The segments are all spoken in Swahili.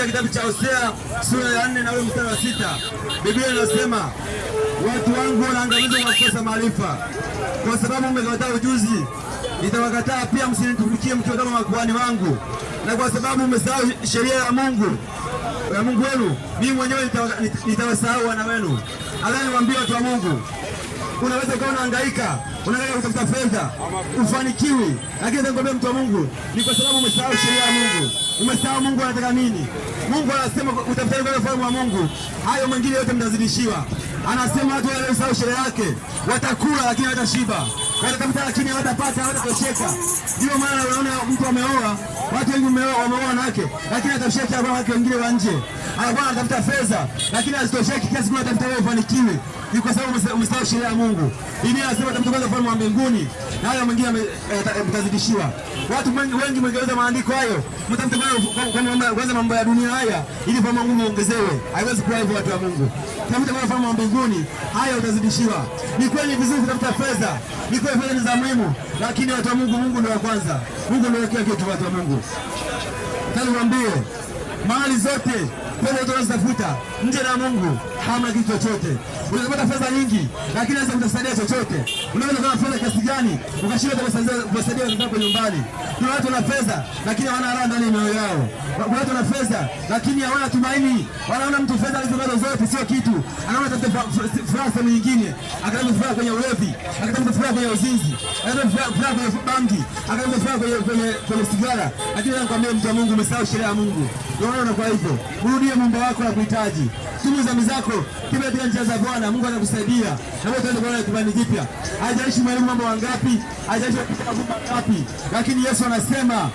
katika kitabu cha Hosea sura ya 4 na ule mstari wa sita Biblia inasema watu wangu wanaangamizwa kwa kukosa maarifa. Kwa sababu mmekataa ujuzi, nitawakataa pia, msinitumikie mkiwa kama makuhani wangu. Na kwa sababu mmesahau sheria ya Mungu ya Mungu wenu, mimi mwenyewe nitawasahau wana wenu. Ala, niwaambie watu wa Mungu, unaweza ukawa unahangaika, unahangaika kutafuta fedha, ufanikiwi, lakini nakwambia mtu wa Mungu, ni kwa sababu umesahau sheria ya Mungu. Umesahau Mungu anataka nini? Mungu anasema utafuteni kwanza ufalme wa Mungu, hayo mengine yote mtazidishiwa. Anasema watu wale wasahau sheria yake watakula lakini hawatashiba, watatafuta lakini hawatapata, hawatatosheka. Ndio maana unaona mtu ameoa, watu wengi wameoa wameoa nake, lakini hawatatosheka kwa wake wengine wa nje. Anakuwa anatafuta fedha lakini hazitosheki, kiasi kwamba anatafuta wewe ufanikiwe, ni kwa sababu umesahau sheria ya Mungu. Biblia inasema tafuta kwanza ufalme wa mbinguni nayo mwingine eh, mtazidishiwa. Watu wengi mwengeweza maandiko hayo, mtamtaanza mambo ya dunia haya, ili fahamu Mungu ongezewe. Haiwezi kuwa hivyo, watu wa Mungu, tafuta fahamu wa mbinguni, haya utazidishiwa. Ni kweli vizuri kutafuta fedha, ni kweli fedha ni za muhimu, lakini watu wa Mungu, Mungu ndio wa kwanza, Mungu ndio kila kitu, watu wa Mungu, mwambie mahali zote pesa tunazitafuta nje na Mungu hamna kitu chochote. Unapata fedha nyingi, lakini hawezi kukusaidia chochote. Unaweza kuwa fedha kiasi gani, ukashinda kuwasaidia watu wako nyumbani. Kuna watu wana fedha lakini hawana raha ndani ya mioyo yao. Kuna watu wana fedha lakini hawana tumaini, wanaona mtu fedha alizonazo zote sio kitu, anaona tafuta furaha sehemu nyingine, akatafuta furaha kwenye ulevi, akatafuta furaha kwenye uzinzi, akatafuta furaha kwenye bangi, akatafuta furaha kwenye kwenye sigara. Lakini nakwambia mtu wa Mungu, umesahau sheria ya Mungu. Unaona, Kwa hivyo. Rudie mambo yako ya kuhitaji, simu zambi zako, kiba katika njia za Bwana. Mungu anakusaidia na wewe utaenda kwa kibali kipya. Hajaishi mwalimu mambo wangapi, hajaishi kupita mambo wangapi, lakini Yesu anasema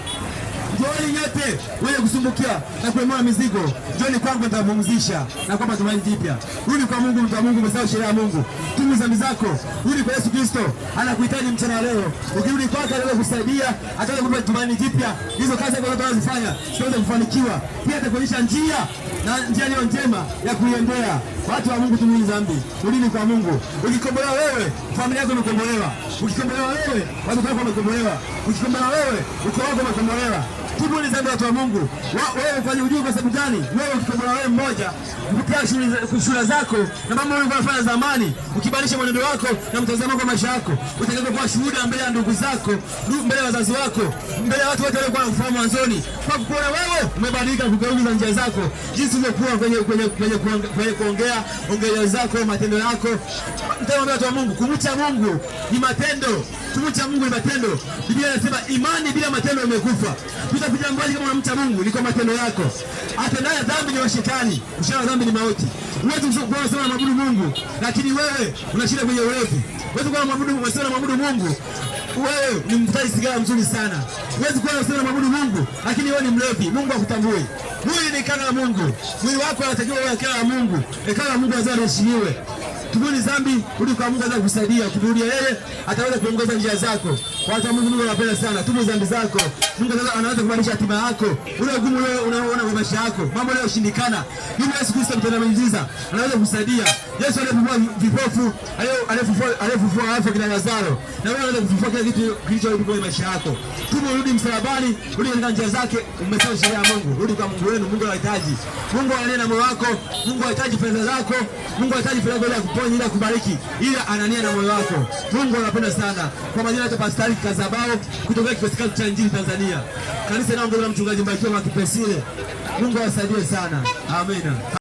Joni nyote wenye kusumbukia na kulemewa mizigo, joni kwangu nitapumzisha na kwamba tumaini jipya. Rudi kwa Mungu, mtu wa Mungu, umesahau sheria ya Mungu, tubu dhambi zako, rudi kwa Yesu Kristo, anakuhitaji mchana leo. Ukirudi kwake anaweza kusaidia, ataweza kupa tumaini jipya. Hizo kazi ambazo tunazifanya tunaweza kufanikiwa, pia atakuonyesha njia na njia hiyo njema ya kuiendea. Watu wa Mungu, tubu dhambi, rudi kwa Mungu. Ukikombolewa wewe, familia yako imekombolewa. Ukikombolewa wewe, watu wako wamekombolewa. Ukikombolewa wewe, ukoo wako umekombolewa ni zambi watu wa Mungu. Wewe ufanye ujuzi kwa sababu gani? Wewe ukitobola wewe mmoja, kupitia shule zako na mambo uliyofanya zamani, ukibadilisha mwenendo wako na mtazamo wako maisha yako, utaweza kuwa shuhuda mbele ya ndugu zako, mbele ya wazazi wako, mbele ya watu wote kwa wanakufahamu mwanzoni. Kwa kuona wewe umebadilika kugeuza njia zako, jinsi ulivyokuwa kwenye kwenye kwenye kuongea, ongea zako, matendo yako. Mtaona watu wa Mungu, kumcha Mungu ni matendo kumcha Mungu ni matendo. Biblia inasema imani bila matendo imekufa. Utafika mbali kama unamcha Mungu ni kwa matendo yako. Atendaye dhambi ni wa shetani, ushara wa dhambi ni mauti. Huwezi kusema unamwabudu Mungu lakini wewe una shida kwenye urefu. Huwezi kuwa unamwabudu Mungu unasema Mungu wewe ni mvutaji sigara mzuri sana. Huwezi kuwa unasema unamwabudu Mungu lakini wewe ni mlevi. Mungu akutambue. Mwili ni kana la Mungu. Mwili wako unatakiwa uwe kana la Mungu. Kana la Mungu lazima liheshimiwe tubuni dhambi, ili kwa Mungu aweza kukusaidia. yeye ataweza kuongoza njia zako. Kwanza Mungu Mungu anapenda sana. Tubu dhambi zako. Mungu sasa anaanza kubadilisha hatima yako. Ule ugumu leo unaoona kwa maisha yako. Mambo leo shindikana. Yule Yesu Kristo mtenda miujiza. Anaweza kukusaidia. Yesu alifufua vipofu, alifufua alifufua wafu kina Lazaro. Na wewe unaweza kufufua kila kitu kilicho kwa maisha yako. Tubu, rudi msalabani, rudi katika njia zake, umesahau sheria ya Mungu. Rudi kwa Mungu wenu, Mungu anahitaji. Mungu analia na moyo wako, Mungu anahitaji fedha zako, Mungu anahitaji fedha zako ili akuponye, ili akubariki. Ila anania na moyo wako. Mungu anapenda sana. Kwa majina ya Pastor Patrick Kazabao kutoka kikosi cha Injili Tanzania. Kanisa inaongozwa na mchungaji Mbakiwa Kipesile. Mungu awasaidie sana. Amina.